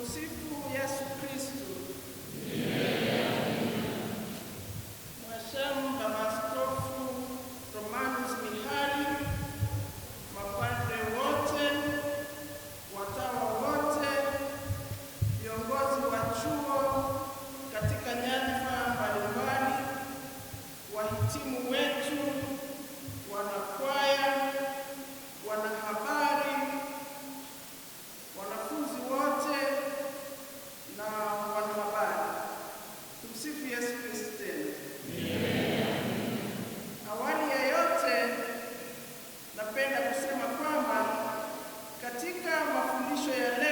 Tumsifu Yesu Kristo. Mwashamu Baba Askofu Romanus Mihali, mapadre wote, watawa wote, viongozi wa chuo katika nyadhifa mbalimbali, wahitimu wetu Yeah.